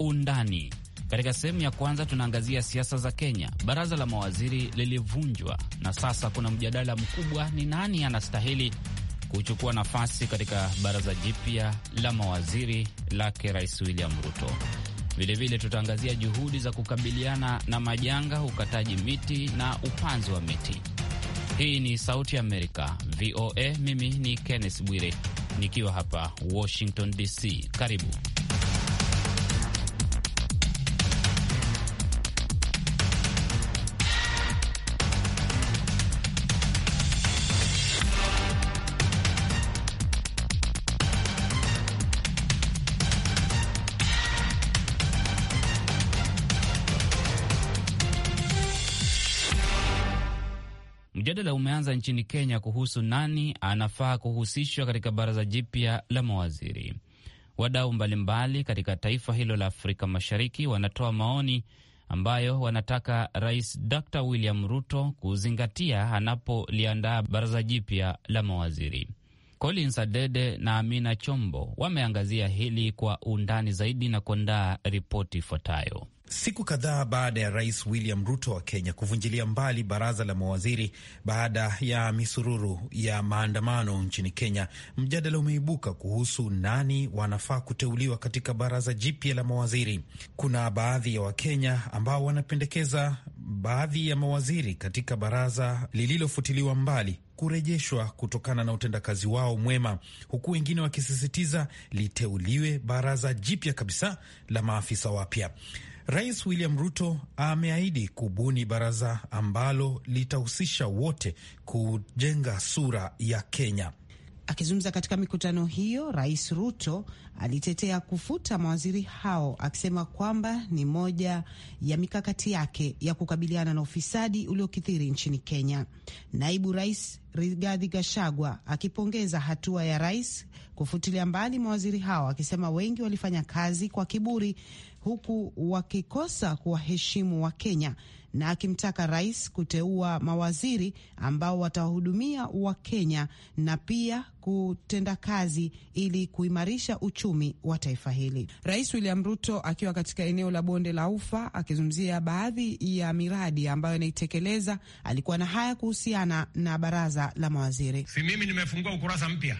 undani. Katika sehemu ya kwanza tunaangazia siasa za Kenya. Baraza la mawaziri lilivunjwa na sasa kuna mjadala mkubwa, ni nani anastahili kuchukua nafasi katika baraza jipya la mawaziri lake Rais William Ruto. Vilevile tutaangazia juhudi za kukabiliana na majanga, ukataji miti na upanzi wa miti. Hii ni Sauti Amerika, VOA. Mimi ni Kenneth Bwire nikiwa hapa Washington DC. Karibu. Mjadala umeanza nchini Kenya kuhusu nani anafaa kuhusishwa katika baraza jipya la mawaziri. Wadau mbalimbali katika taifa hilo la Afrika Mashariki wanatoa maoni ambayo wanataka Rais Dr William Ruto kuzingatia anapoliandaa baraza jipya la mawaziri. Collins Adede na Amina Chombo wameangazia hili kwa undani zaidi na kuandaa ripoti ifuatayo. Siku kadhaa baada ya rais William Ruto wa Kenya kuvunjilia mbali baraza la mawaziri baada ya misururu ya maandamano nchini Kenya, mjadala umeibuka kuhusu nani wanafaa kuteuliwa katika baraza jipya la mawaziri. Kuna baadhi ya Wakenya ambao wanapendekeza baadhi ya mawaziri katika baraza lililofutiliwa mbali kurejeshwa kutokana na utendakazi wao mwema, huku wengine wakisisitiza liteuliwe baraza jipya kabisa la maafisa wapya. Rais William Ruto ameahidi kubuni baraza ambalo litahusisha wote kujenga sura ya Kenya. Akizungumza katika mikutano hiyo, Rais Ruto alitetea kufuta mawaziri hao akisema kwamba ni moja ya mikakati yake ya kukabiliana na ufisadi uliokithiri nchini Kenya. Naibu Rais Rigathi Gachagua akipongeza hatua ya rais kufutilia mbali mawaziri hao akisema wengi walifanya kazi kwa kiburi huku wakikosa kuwaheshimu wa kenya na akimtaka rais kuteua mawaziri ambao watawahudumia wa kenya na pia kutenda kazi ili kuimarisha uchumi wa taifa hili. Rais William Ruto akiwa katika eneo la bonde la Ufa akizungumzia baadhi ya miradi ambayo anaitekeleza, alikuwa na haya kuhusiana na baraza la mawaziri. Si mimi nimefungua ukurasa mpya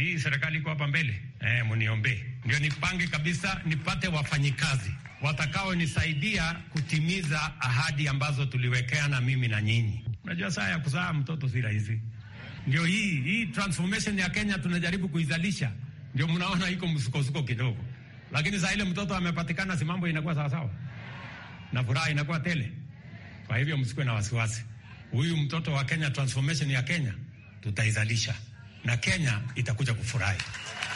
hii serikali iko hapa mbele eh, mniombee ndio nipange kabisa, nipate wafanyikazi watakaonisaidia kutimiza ahadi ambazo tuliwekeana mimi na nyinyi. Unajua saa ya kuzaa mtoto si rahisi, ndio hii hii transformation ya Kenya tunajaribu kuizalisha, ndio mnaona iko msukosuko kidogo, lakini saa ile mtoto amepatikana, si mambo inakuwa sawasawa na furaha inakuwa tele. Kwa hivyo msikuwe na wasiwasi, huyu mtoto wa Kenya, transformation ya Kenya tutaizalisha na Kenya itakuja kufurahi.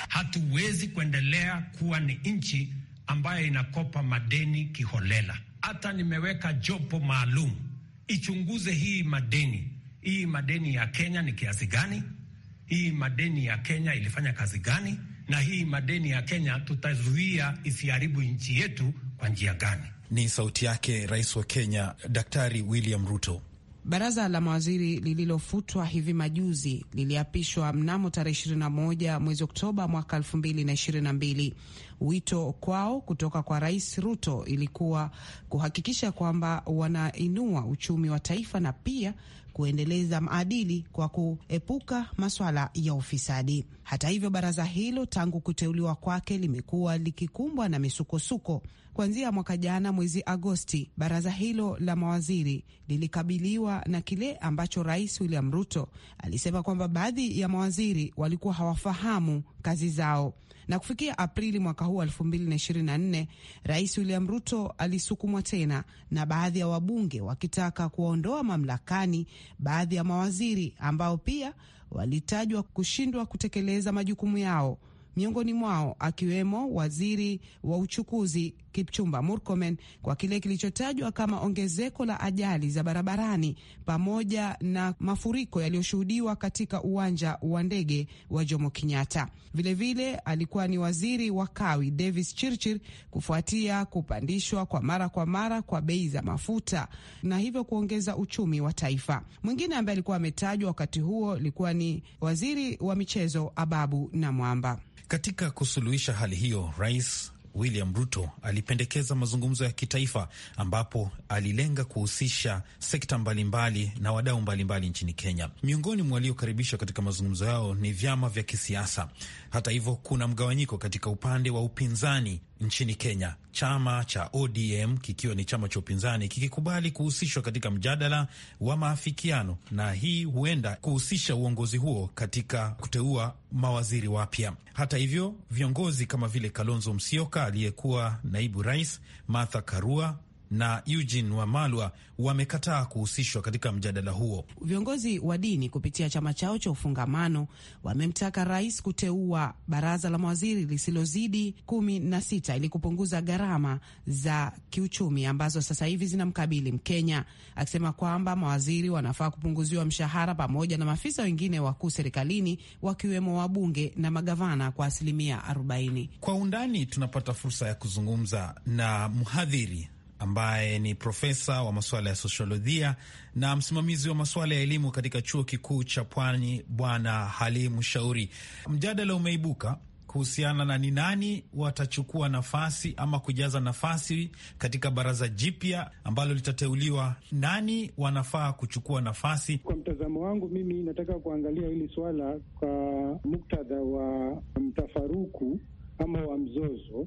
Hatuwezi kuendelea kuwa ni nchi ambayo inakopa madeni kiholela. Hata nimeweka jopo maalum ichunguze hii madeni, hii madeni ya Kenya ni kiasi gani, hii madeni ya Kenya ilifanya kazi gani, na hii madeni ya Kenya tutazuia isiharibu nchi yetu kwa njia gani? Ni sauti yake Rais wa Kenya Daktari William Ruto. Baraza la mawaziri lililofutwa hivi majuzi liliapishwa mnamo tarehe 21 mwezi Oktoba mwaka 2022. Wito kwao kutoka kwa Rais Ruto ilikuwa kuhakikisha kwamba wanainua uchumi wa taifa na pia kuendeleza maadili kwa kuepuka maswala ya ufisadi. Hata hivyo, baraza hilo tangu kuteuliwa kwake limekuwa likikumbwa na misukosuko. Kuanzia mwaka jana mwezi Agosti, baraza hilo la mawaziri lilikabiliwa na kile ambacho Rais William Ruto alisema kwamba baadhi ya mawaziri walikuwa hawafahamu kazi zao na kufikia Aprili mwaka huu 2024, Rais William Ruto alisukumwa tena na baadhi ya wabunge wakitaka kuwaondoa mamlakani baadhi ya mawaziri ambao pia walitajwa kushindwa kutekeleza majukumu yao miongoni mwao akiwemo waziri wa uchukuzi Kipchumba Murkomen kwa kile kilichotajwa kama ongezeko la ajali za barabarani pamoja na mafuriko yaliyoshuhudiwa katika uwanja wa ndege wa Jomo Kenyatta. Vilevile alikuwa ni waziri wa kawi Davis Chirchir kufuatia kupandishwa kwa mara kwa mara kwa bei za mafuta na hivyo kuongeza uchumi wa taifa. Mwingine ambaye alikuwa ametajwa wakati huo alikuwa ni waziri wa michezo Ababu na Mwamba. Katika kusuluhisha hali hiyo, Rais William Ruto alipendekeza mazungumzo ya kitaifa ambapo alilenga kuhusisha sekta mbalimbali mbali na wadau mbalimbali nchini Kenya. Miongoni mwa waliokaribishwa katika mazungumzo yao ni vyama vya kisiasa. Hata hivyo, kuna mgawanyiko katika upande wa upinzani nchini Kenya, chama cha ODM kikiwa ni chama cha upinzani kikikubali kuhusishwa katika mjadala wa maafikiano, na hii huenda kuhusisha uongozi huo katika kuteua mawaziri wapya. Hata hivyo, viongozi kama vile Kalonzo Musyoka aliyekuwa naibu rais, Martha Karua na Eugene Wamalwa wamekataa kuhusishwa katika mjadala huo. Viongozi wa dini kupitia chama chao cha Ufungamano wamemtaka rais kuteua baraza la mawaziri lisilozidi kumi na sita ili kupunguza gharama za kiuchumi ambazo sasa hivi zinamkabili Mkenya, akisema kwamba mawaziri wanafaa kupunguziwa mshahara pamoja na maafisa wengine wakuu serikalini wakiwemo wabunge na magavana kwa asilimia 40. Kwa undani tunapata fursa ya kuzungumza na mhadhiri ambaye ni profesa wa masuala ya sosiolojia na msimamizi wa masuala ya elimu katika chuo kikuu cha Pwani, Bwana Halimu Shauri. Mjadala umeibuka kuhusiana na ni nani watachukua nafasi ama kujaza nafasi katika baraza jipya ambalo litateuliwa. Nani wanafaa kuchukua nafasi? Kwa mtazamo wangu mimi, nataka kuangalia hili swala kwa muktadha wa mtafaruku ama wa mzozo,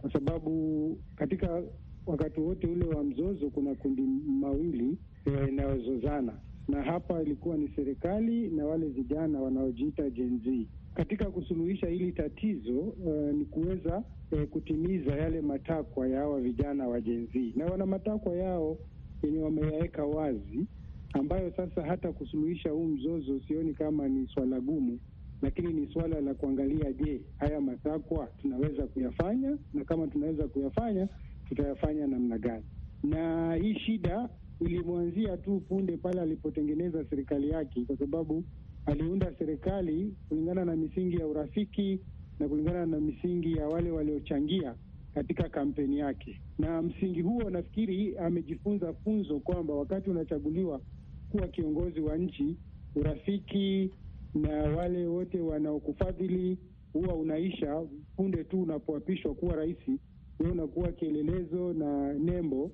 kwa sababu katika wakati wote ule wa mzozo kuna kundi mawili yanayozozana hmm. e, na hapa ilikuwa ni serikali na wale vijana wanaojiita Gen Z. Katika kusuluhisha hili tatizo uh, ni kuweza uh, kutimiza yale matakwa ya hawa vijana wa Gen Z, na wana matakwa yao yenye wameyaweka wazi, ambayo sasa hata kusuluhisha huu mzozo sioni kama ni swala gumu, lakini ni swala la kuangalia, je, haya matakwa tunaweza kuyafanya, na kama tunaweza kuyafanya tutayafanya namna gani? Na hii shida ilimwanzia tu punde pale alipotengeneza serikali yake, kwa sababu aliunda serikali kulingana na misingi ya urafiki na kulingana na misingi ya wale waliochangia katika kampeni yake. Na msingi huo nafikiri amejifunza funzo kwamba wakati unachaguliwa kuwa kiongozi wa nchi, urafiki na wale wote wanaokufadhili huwa unaisha punde tu unapoapishwa kuwa rais wewe unakuwa kielelezo na nembo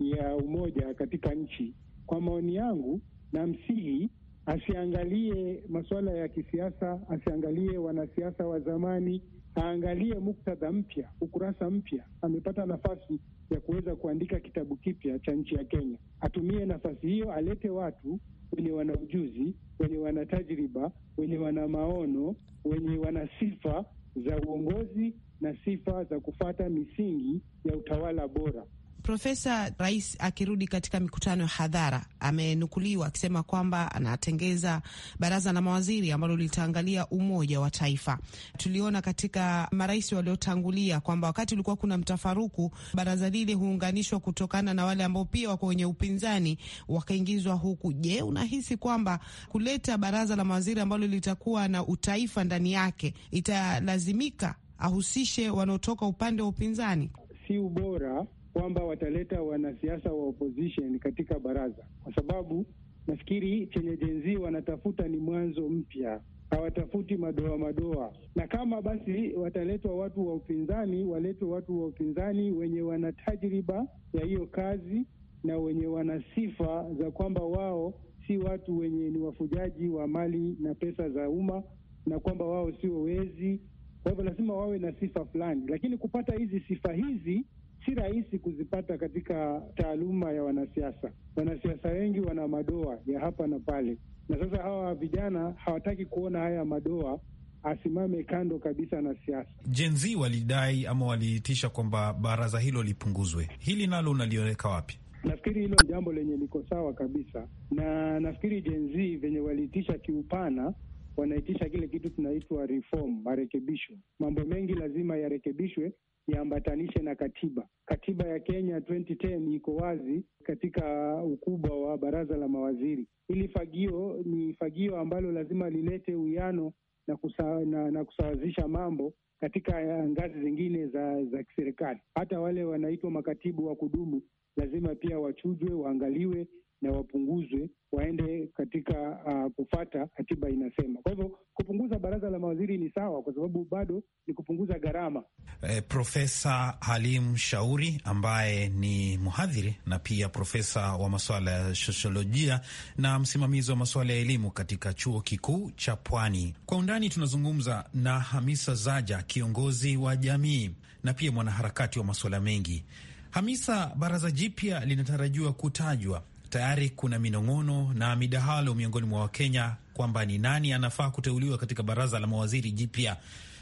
ya umoja katika nchi. Kwa maoni yangu, namsihi asiangalie masuala ya kisiasa, asiangalie wanasiasa wa zamani, aangalie muktadha mpya, ukurasa mpya. Amepata nafasi ya kuweza kuandika kitabu kipya cha nchi ya Kenya. Atumie nafasi hiyo, alete watu wenye wana ujuzi, wenye wana tajriba, wenye wana maono, wenye wana sifa za uongozi na sifa za kufata misingi ya utawala bora. Profesa, rais akirudi katika mikutano ya hadhara amenukuliwa akisema kwamba anatengeza baraza la mawaziri ambalo litaangalia umoja wa taifa. Tuliona katika marais waliotangulia kwamba wakati ulikuwa kuna mtafaruku, baraza lile huunganishwa kutokana na wale ambao pia wako wenye upinzani wakaingizwa huku. Je, unahisi kwamba kuleta baraza la mawaziri ambalo litakuwa na utaifa ndani yake italazimika ahusishe wanaotoka upande wa upinzani? Si ubora kwamba wataleta wanasiasa wa opposition katika baraza, kwa sababu nafikiri chenye jenzi wanatafuta ni mwanzo mpya hawatafuti madoa madoa, na kama basi wataletwa watu wa upinzani, waletwe watu wa upinzani wenye wana tajriba ya hiyo kazi na wenye wana sifa za kwamba wao si watu wenye ni wafujaji wa mali na pesa za umma, na kwamba wao sio wezi, kwa hivyo lazima wawe na sifa fulani, lakini kupata hizi sifa hizi si rahisi kuzipata katika taaluma ya wanasiasa. Wanasiasa wengi wana madoa ya hapa na pale, na sasa hawa vijana hawataki kuona haya madoa asimame kando kabisa na siasa. Gen Z walidai ama waliitisha kwamba baraza hilo lipunguzwe. Hili nalo unaliweka wapi? Nafikiri hilo ni jambo lenye liko sawa kabisa, na nafikiri Gen Z venye waliitisha kiupana wanaitisha kile kitu tunaitwa reform, marekebisho. Mambo mengi lazima yarekebishwe yaambatanishe na katiba. Katiba ya Kenya 2010 iko wazi katika ukubwa wa baraza la mawaziri. Hili fagio ni fagio ambalo lazima lilete uwiano na, kusa, na, na kusawazisha mambo katika ngazi zingine za za kiserikali. Hata wale wanaitwa makatibu wa kudumu lazima pia wachujwe, waangaliwe na wapunguzwe waende katika uh, kufata katiba inasema. Kwa hivyo kupunguza baraza la mawaziri ni sawa, kwa sababu bado ni kupunguza gharama. Eh, Profesa Halim Shauri ambaye ni mhadhiri na pia profesa wa masuala ya sosiolojia na msimamizi wa masuala ya elimu katika chuo kikuu cha Pwani. Kwa undani tunazungumza na Hamisa Zaja, kiongozi wa jamii na pia mwanaharakati wa masuala mengi. Hamisa, baraza jipya linatarajiwa kutajwa tayari kuna minong'ono na midahalo miongoni mwa Wakenya kwamba ni nani anafaa kuteuliwa katika baraza la mawaziri jipya.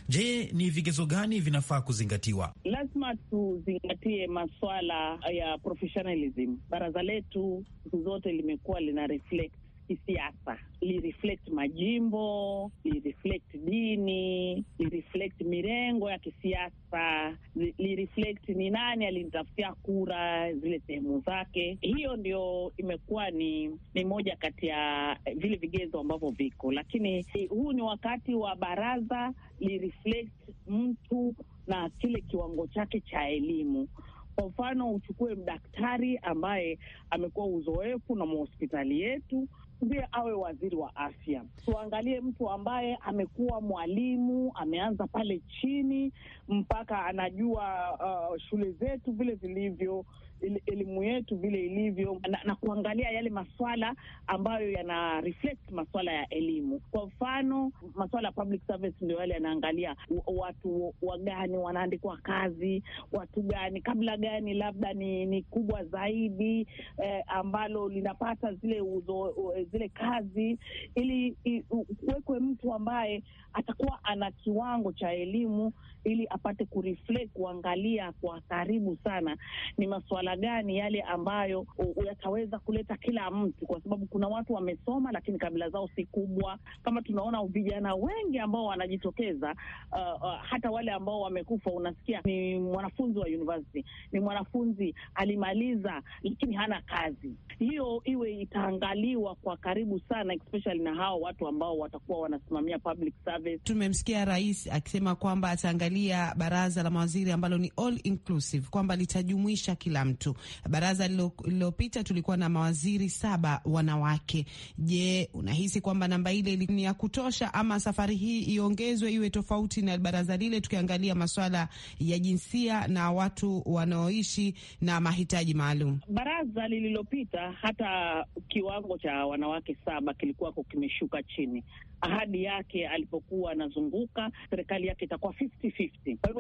Je, ni vigezo gani vinafaa kuzingatiwa? Lazima tuzingatie maswala ya professionalism. Baraza letu siku zote limekuwa lina reflect kisiasa, lireflect majimbo, lireflect dini, lireflect mirengo ya kisiasa, lireflect ni nani alinitafutia kura zile sehemu zake. Hiyo ndio imekuwa ni, ni moja kati ya eh, vile vigezo ambavyo viko, lakini eh, huu ni wakati wa baraza lireflect mtu na kile kiwango chake cha elimu. Kwa mfano uchukue mdaktari ambaye amekuwa uzoefu na mahospitali yetu, ndiye awe waziri wa afya. Tuangalie mtu ambaye amekuwa mwalimu, ameanza pale chini mpaka anajua uh, shule zetu vile zilivyo elimu yetu vile ilivyo na, na kuangalia yale maswala ambayo yana reflect maswala ya elimu. Kwa mfano maswala ya public service ndio yale yanaangalia watu wagani wanaandikwa kazi, watu gani kabla gani labda ni, ni kubwa zaidi eh, ambalo linapata zile uzo, zile kazi ili kuwekwe mtu ambaye atakuwa ana kiwango cha elimu ili apate kureflect, kuangalia kwa karibu sana ni masuala gani yale ambayo yataweza kuleta kila mtu, kwa sababu kuna watu wamesoma, lakini kabila zao si kubwa, kama tunaona vijana wengi ambao wanajitokeza. Uh, uh, hata wale ambao wamekufa, unasikia ni mwanafunzi wa university, ni mwanafunzi alimaliza, lakini hana kazi. Hiyo iwe itaangaliwa kwa karibu sana, especially na hao watu ambao watakuwa wanasimamia public service vipi? Tumemsikia rais akisema kwamba ataangalia baraza la mawaziri ambalo ni all inclusive, kwamba litajumuisha kila mtu. Baraza lililopita tulikuwa na mawaziri saba wanawake. Je, unahisi kwamba namba ile ni ya kutosha ama safari hii iongezwe iwe tofauti na baraza lile, tukiangalia masuala ya jinsia na watu wanaoishi na mahitaji maalum? Baraza lililopita hata kiwango cha wanawake saba kilikuwako kimeshuka chini ahadi yake alipokuwa anazunguka serikali yake itakuwa 50-50. Kwa hivyo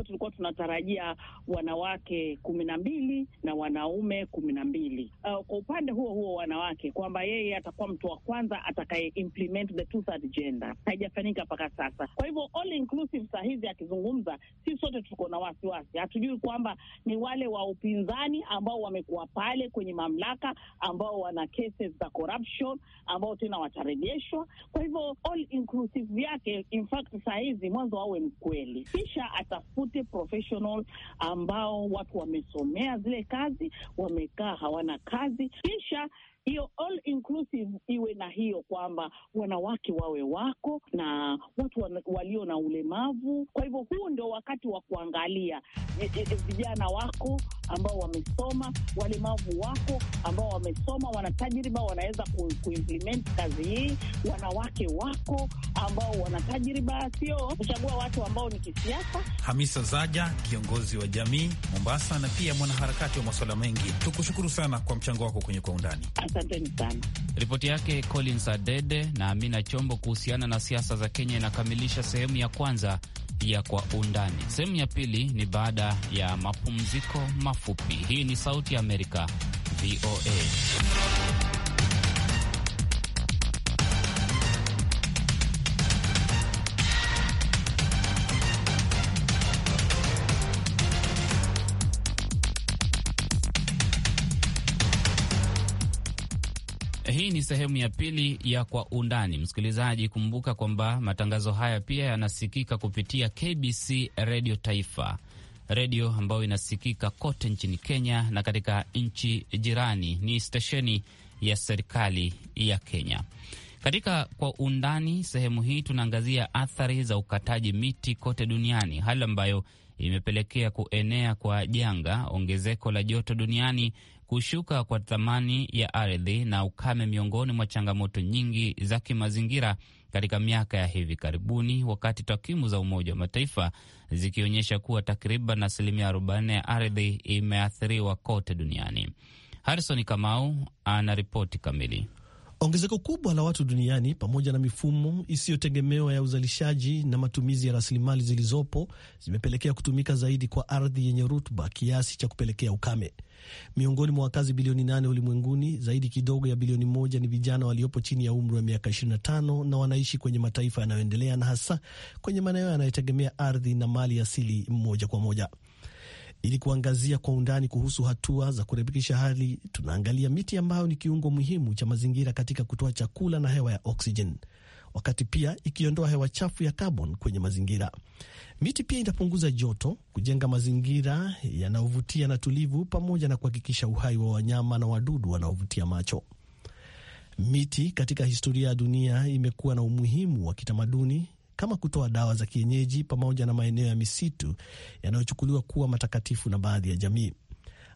tunatarajia wanawake kumi na mbili na wanaume kumi na mbili. Uh, kwa upande huo huo wanawake kwamba yeye atakuwa mtu wa kwanza atakaye implement the two-third gender, haijafanyika mpaka sasa. Kwa hivyo all inclusive saa hizi akizungumza, si sote tuko na wasiwasi, hatujui kwamba ni wale wa upinzani ambao wamekuwa pale kwenye mamlaka ambao wana cases za corruption ambao tena watarejeshwa. Kwa hivyo all inclusive yake in fact saa hizi mwanzo awe mkweli, kisha atafute profession professional ambao watu wamesomea zile kazi, wamekaa hawana kazi, kisha hiyo all inclusive iwe na hiyo kwamba wanawake wawe wako na watu walio na ulemavu. Kwa hivyo huu ndio wakati wa kuangalia eh, eh, eh, vijana wako ambao wamesoma, walemavu wako ambao wamesoma, wana tajriba, wanaweza kuimplement kazi hii. Wanawake wako ambao wana tajriba, sio kuchagua watu ambao ni kisiasa. Hamisa Zaja, kiongozi wa jamii Mombasa na pia mwanaharakati wa masuala mengi, tukushukuru sana kwa mchango wako kwenye Kwa Undani. Asanteni sana. Ripoti yake Collins Adede na Amina Chombo kuhusiana na siasa za Kenya inakamilisha sehemu ya kwanza ya kwa undani. Sehemu ya pili ni baada ya mapumziko mafupi. Hii ni Sauti ya Amerika, VOA. sehemu ya pili ya Kwa Undani. Msikilizaji, kumbuka kwamba matangazo haya pia yanasikika kupitia KBC Redio Taifa, redio ambayo inasikika kote nchini Kenya na katika nchi jirani. Ni stesheni ya serikali ya Kenya. Katika Kwa Undani sehemu hii tunaangazia athari za ukataji miti kote duniani, hali ambayo imepelekea kuenea kwa janga ongezeko la joto duniani, kushuka kwa thamani ya ardhi na ukame miongoni mwa changamoto nyingi za kimazingira katika miaka ya hivi karibuni, wakati takwimu za Umoja wa Mataifa zikionyesha kuwa takriban asilimia 40 ya ardhi imeathiriwa kote duniani. harison Kamau anaripoti kamili. Ongezeko kubwa la watu duniani pamoja na mifumo isiyotegemewa ya uzalishaji na matumizi ya rasilimali zilizopo zimepelekea kutumika zaidi kwa ardhi yenye rutuba kiasi cha kupelekea ukame. Miongoni mwa wakazi bilioni nane ulimwenguni, zaidi kidogo ya bilioni moja ni vijana waliopo chini ya umri wa miaka 25 na wanaishi kwenye mataifa yanayoendelea na hasa kwenye maeneo yanayotegemea ardhi na mali asili moja kwa moja. Ili kuangazia kwa undani kuhusu hatua za kurekebisha hali, tunaangalia miti ambayo ni kiungo muhimu cha mazingira katika kutoa chakula na hewa ya oksijeni, wakati pia ikiondoa hewa chafu ya kaboni kwenye mazingira. Miti pia inapunguza joto, kujenga mazingira yanayovutia na tulivu, pamoja na kuhakikisha uhai wa wanyama na wadudu wanaovutia macho. Miti katika historia ya dunia imekuwa na umuhimu wa kitamaduni, kama kutoa dawa za kienyeji pamoja na maeneo ya misitu yanayochukuliwa kuwa matakatifu na baadhi ya jamii.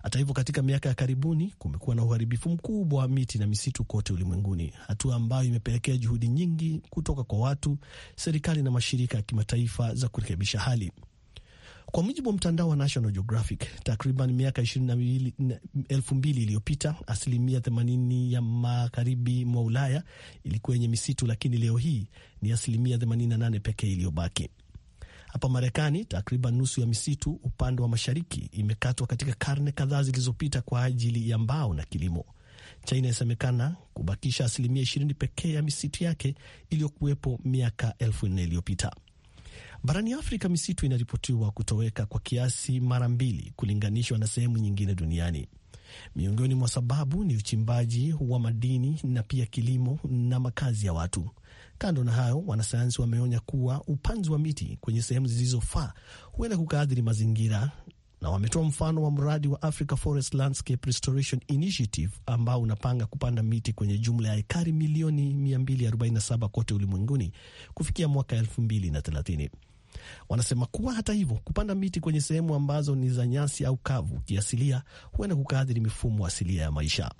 Hata hivyo, katika miaka ya karibuni kumekuwa na uharibifu mkubwa wa miti na misitu kote ulimwenguni, hatua ambayo imepelekea juhudi nyingi kutoka kwa watu, serikali na mashirika ya kimataifa za kurekebisha hali. Kwa mujibu wa mtandao wa National Geographic, takriban miaka elfu mbili iliyopita asilimia 80 ya magharibi mwa Ulaya ilikuwa yenye misitu, lakini leo hii ni asilimia 88 pekee iliyobaki. Hapa Marekani, takriban nusu ya misitu upande wa mashariki imekatwa katika karne kadhaa zilizopita kwa ajili ya mbao na kilimo. China inasemekana kubakisha asilimia 20 pekee ya misitu yake iliyokuwepo miaka elfu nne iliyopita. Barani Afrika, misitu inaripotiwa kutoweka kwa kiasi mara mbili kulinganishwa na sehemu nyingine duniani. Miongoni mwa sababu ni uchimbaji wa madini na pia kilimo na makazi ya watu. Kando na hayo, wanasayansi wameonya kuwa upanzi wa miti kwenye sehemu zilizofaa huenda kukaadhiri mazingira na wametoa mfano wa mradi wa Africa Forest Landscape Restoration Initiative ambao unapanga kupanda miti kwenye jumla ya ekari milioni 247 kote ulimwenguni kufikia mwaka 2030. Wanasema kuwa hata hivyo, kupanda miti kwenye sehemu ambazo ni za nyasi au kavu kiasilia huenda kukaathiri mifumo asilia ya maisha.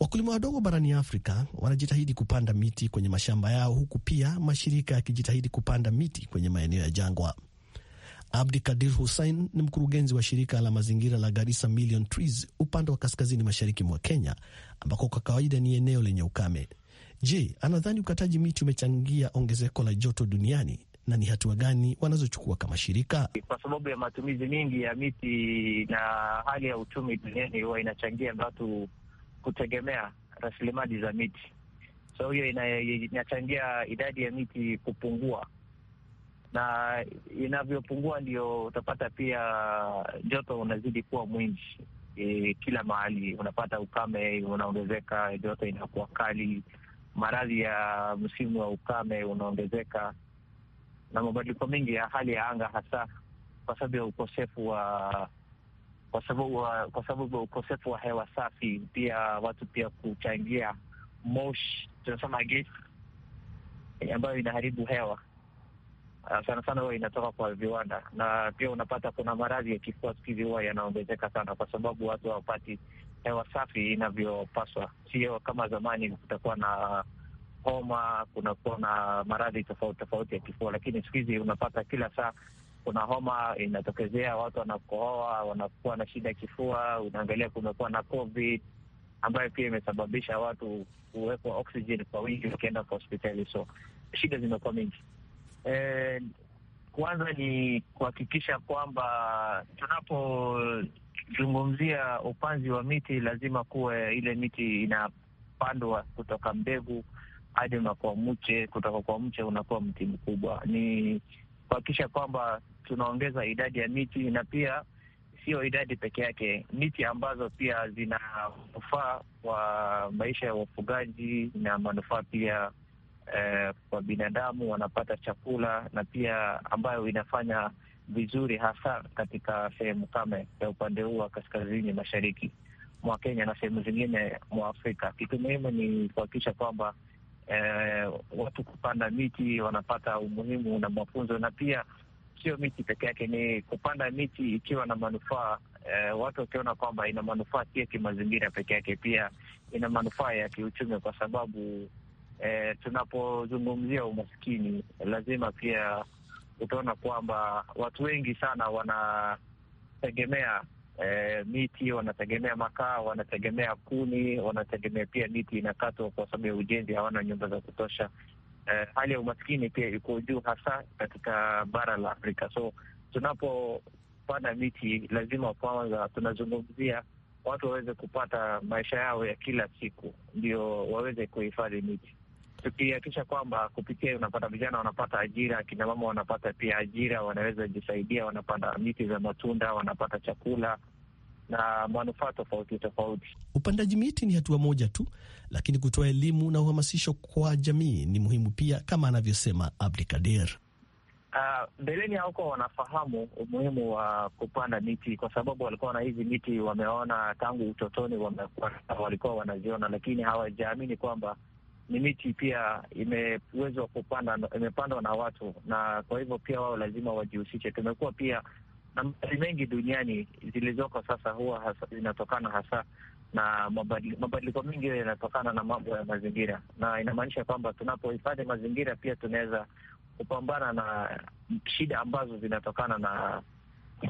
Wakulima wadogo barani Afrika wanajitahidi kupanda miti kwenye mashamba yao, huku pia mashirika yakijitahidi kupanda miti kwenye maeneo ya jangwa. Abdi Kadir Hussein ni mkurugenzi wa shirika la mazingira la Garissa Million Trees upande wa kaskazini mashariki mwa Kenya, ambako kwa kawaida ni eneo lenye ukame. Je, anadhani ukataji miti umechangia ongezeko la joto duniani na ni hatua gani wanazochukua kama shirika? Kwa sababu ya matumizi mingi ya miti na hali ya uchumi duniani huwa inachangia watu kutegemea rasilimali za miti, so hiyo inachangia idadi ya miti kupungua, na inavyopungua ndio utapata pia joto unazidi kuwa mwingi. E, kila mahali unapata ukame unaongezeka, joto inakuwa kali, maradhi ya msimu wa ukame unaongezeka na mabadiliko mengi ya hali ya anga, hasa kwa sababu ya ukosefu wa kwa sababu wa, kwa sababu ya ukosefu wa hewa safi, pia watu pia kuchangia moshi, tunasema gesi eh, ambayo inaharibu hewa ah, sana sana huwa inatoka kwa viwanda, na pia unapata kuna maradhi ya kifua siku hizi huwa yanaongezeka sana, kwa sababu watu hawapati hewa safi inavyopaswa. Si hewa kama zamani, kutakuwa na homa, kunakuwa na maradhi tofauti tofauti ya kifua, lakini siku hizi unapata kila saa kuna homa inatokezea, watu wanakohoa, wanakuwa na shida ya kifua. Unaangalia kumekuwa na COVID ambayo pia imesababisha watu kuwekwa oxygen kwa wingi wakienda kwa hospitali, so shida zimekuwa mingi. E, kwanza ni kuhakikisha kwamba tunapozungumzia upanzi wa miti lazima kuwe ile miti inapandwa kutoka mbegu hadi unakuwa mche, kutoka kwa mche unakuwa mti mkubwa. Ni kuhakikisha kwamba tunaongeza idadi ya miti na pia sio idadi peke yake, miti ambazo pia zina manufaa kwa maisha ya wafugaji na manufaa pia eh, kwa binadamu wanapata chakula na pia ambayo inafanya vizuri hasa katika sehemu kame ya upande huu wa kaskazini mashariki mwa Kenya na sehemu zingine mwa Afrika. Kitu muhimu ni kuhakikisha kwamba eh, watu kupanda miti wanapata umuhimu na mafunzo, na pia sio miti peke yake, ni kupanda miti ikiwa na manufaa eh, watu wakiona kwamba ina manufaa sio kimazingira peke yake, pia ina manufaa ya kiuchumi, kwa sababu eh, tunapozungumzia umaskini lazima pia utaona kwamba watu wengi sana wanategemea e, miti wanategemea makaa, wanategemea kuni, wanategemea pia miti inakatwa kwa sababu ya ujenzi, hawana nyumba za kutosha. E, hali ya umaskini pia iko juu hasa katika bara la Afrika. So tunapopanda miti lazima kwanza tunazungumzia watu waweze kupata maisha yao ya kila siku, ndio waweze kuhifadhi miti tukihakikisha kwamba kupitia unapata vijana wanapata ajira, akina mama wanapata pia ajira, wanaweza jisaidia, wanapanda miti za matunda, wanapata chakula na manufaa tofauti tofauti. Upandaji miti ni hatua moja tu, lakini kutoa elimu na uhamasisho kwa jamii ni muhimu pia, kama anavyosema Abdikadir. Ah, mbeleni uh, hawakuwa wanafahamu umuhimu wa kupanda miti, kwa sababu walikuwa na hizi miti wameona tangu utotoni, wamekuwa walikuwa wanaziona, lakini hawajaamini kwamba ni miti pia imewezwa kupanda, imepandwa na watu, na kwa hivyo pia wao lazima wajihusishe. Tumekuwa pia na mali mengi duniani zilizoko sasa huwa hasa, zinatokana hasa na mabadiliko mengi yanatokana na mambo ya mazingira, na inamaanisha kwamba tunapohifadhi mazingira pia tunaweza kupambana na shida ambazo zinatokana na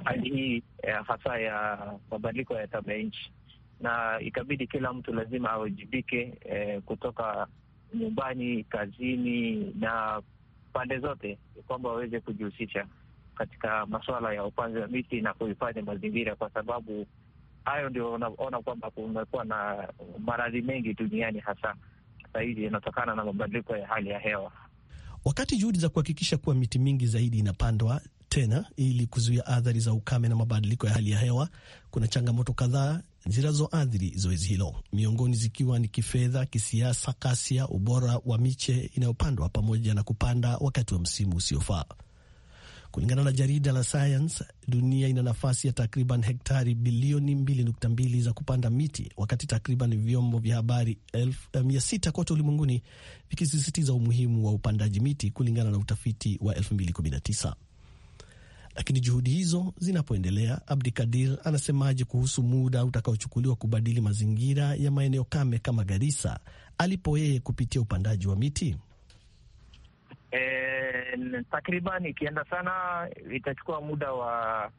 hali hii hasa ya mabadiliko ya tabia nchi, na ikabidi kila mtu lazima awajibike eh, kutoka nyumbani, kazini na pande zote, kwamba waweze kujihusisha katika masuala ya upanzi wa miti na kuhifadhi mazingira, kwa sababu hayo ndio unaona kwamba kumekuwa na maradhi mengi duniani, hasa sahizi yanatokana na mabadiliko ya hali ya hewa. Wakati juhudi za kuhakikisha kuwa miti mingi zaidi inapandwa tena ili kuzuia athari za ukame na mabadiliko ya hali ya hewa, kuna changamoto kadhaa zinazoathiri zoezi hilo, miongoni zikiwa ni kifedha, kisiasa, kasia, ubora wa miche inayopandwa pamoja na kupanda wakati wa msimu usiofaa. Kulingana na jarida la Science, dunia ina nafasi ya takriban hektari bilioni 2.2 za kupanda miti, wakati takriban vyombo vya habari 600 eh, kote ulimwenguni vikisisitiza umuhimu wa upandaji miti, kulingana na utafiti wa 2019. Lakini juhudi hizo zinapoendelea, Abdikadir anasemaje kuhusu muda utakaochukuliwa kubadili mazingira ya maeneo kame kama garisa alipo yeye kupitia upandaji wa miti? E, takriban ikienda sana itachukua muda wa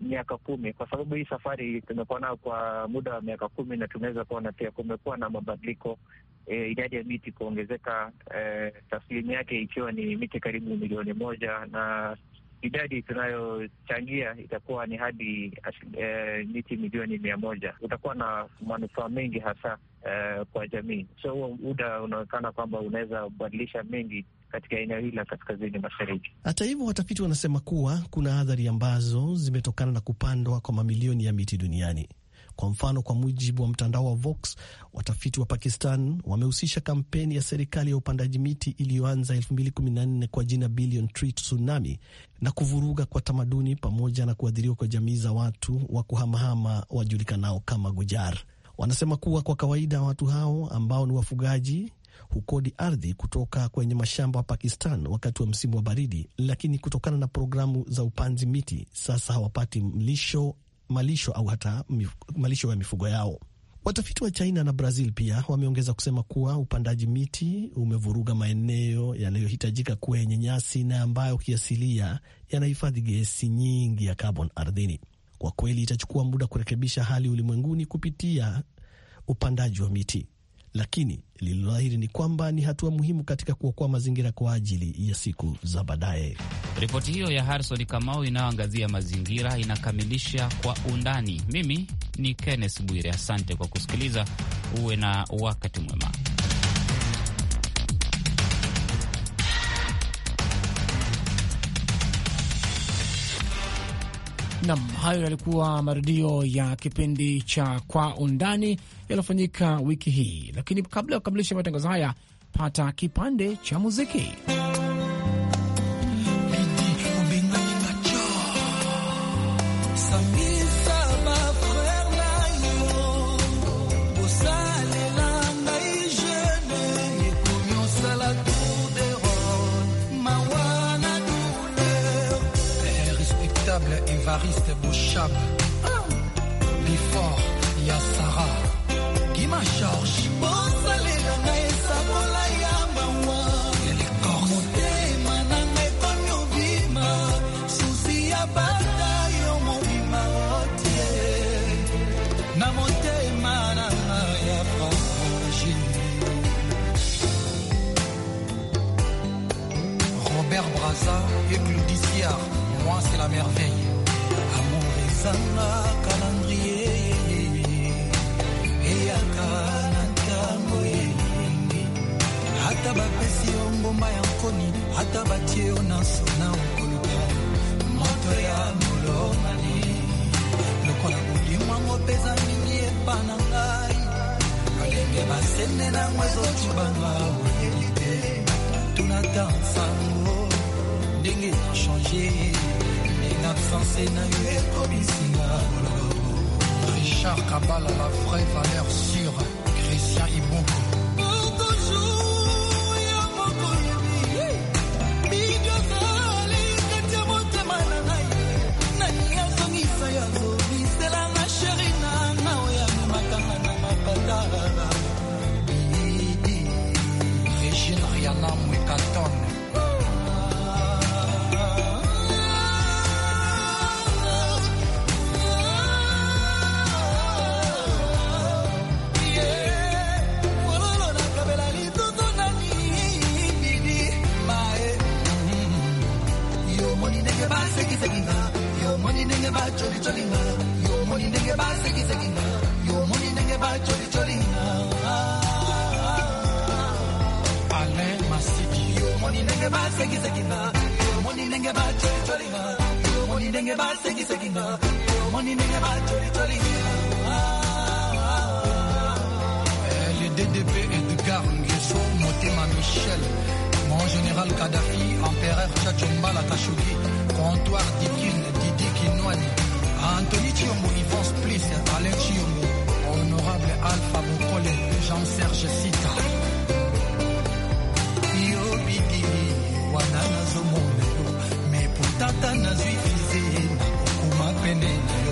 miaka kumi kwa sababu hii safari tumekuwa nayo kwa muda wa miaka kumi na tunaweza kuona pia kumekuwa na mabadiliko e, idadi ya miti kuongezeka, e, taslimu yake ikiwa ni miti karibu milioni moja na idadi tunayochangia itakuwa ni hadi eh, miti milioni mia moja. Utakuwa na manufaa mengi hasa eh, kwa jamii. So huo muda unaonekana kwamba unaweza badilisha mengi katika eneo hili la kaskazini mashariki. Hata hivyo, watafiti wanasema kuwa kuna athari ambazo zimetokana na kupandwa kwa mamilioni ya miti duniani. Kwa mfano, kwa mujibu wa mtandao wa Vox, watafiti wa Pakistan wamehusisha kampeni ya serikali ya upandaji miti iliyoanza 2014 kwa jina Billion Tree Tsunami na kuvuruga kwa tamaduni pamoja na kuadhiriwa kwa jamii za watu wa kuhamahama wajulikanao kama Gujar. Wanasema kuwa kwa kawaida watu hao ambao ni wafugaji hukodi ardhi kutoka kwenye mashamba wa Pakistan wakati wa msimu wa baridi, lakini kutokana na programu za upanzi miti sasa hawapati mlisho malisho au hata malisho ya mifugo yao. Watafiti wa China na Brazil pia wameongeza kusema kuwa upandaji miti umevuruga maeneo yanayohitajika kuwa yenye nyasi na ambayo kiasilia yanahifadhi gesi nyingi ya carbon ardhini. Kwa kweli, itachukua muda kurekebisha hali ulimwenguni kupitia upandaji wa miti lakini lililodhahiri ni kwamba ni hatua muhimu katika kuokoa mazingira kwa ajili ya siku za baadaye. Ripoti hiyo ya Harison Kamau inayoangazia mazingira inakamilisha kwa undani. Mimi ni Kenneth Bwire, asante kwa kusikiliza. Uwe na wakati mwema. Nam, hayo yalikuwa marudio ya kipindi cha Kwa Undani yaliyofanyika wiki hii. Lakini kabla ya kukamilisha matangazo haya, pata kipande cha muziki. Evariste My show. Kadhafi, empereur Tchadjoumbala Khashoggi, comptoir Dikin, Didi Kinwani, Anthony Chiombo, Yvonne Spliss, Alain Chiombo, honorable Alpha Bokole, Jean-Serge Sita. Yo bidili, wana nazomona yo, me potata nazwi fize, nakokuma pene,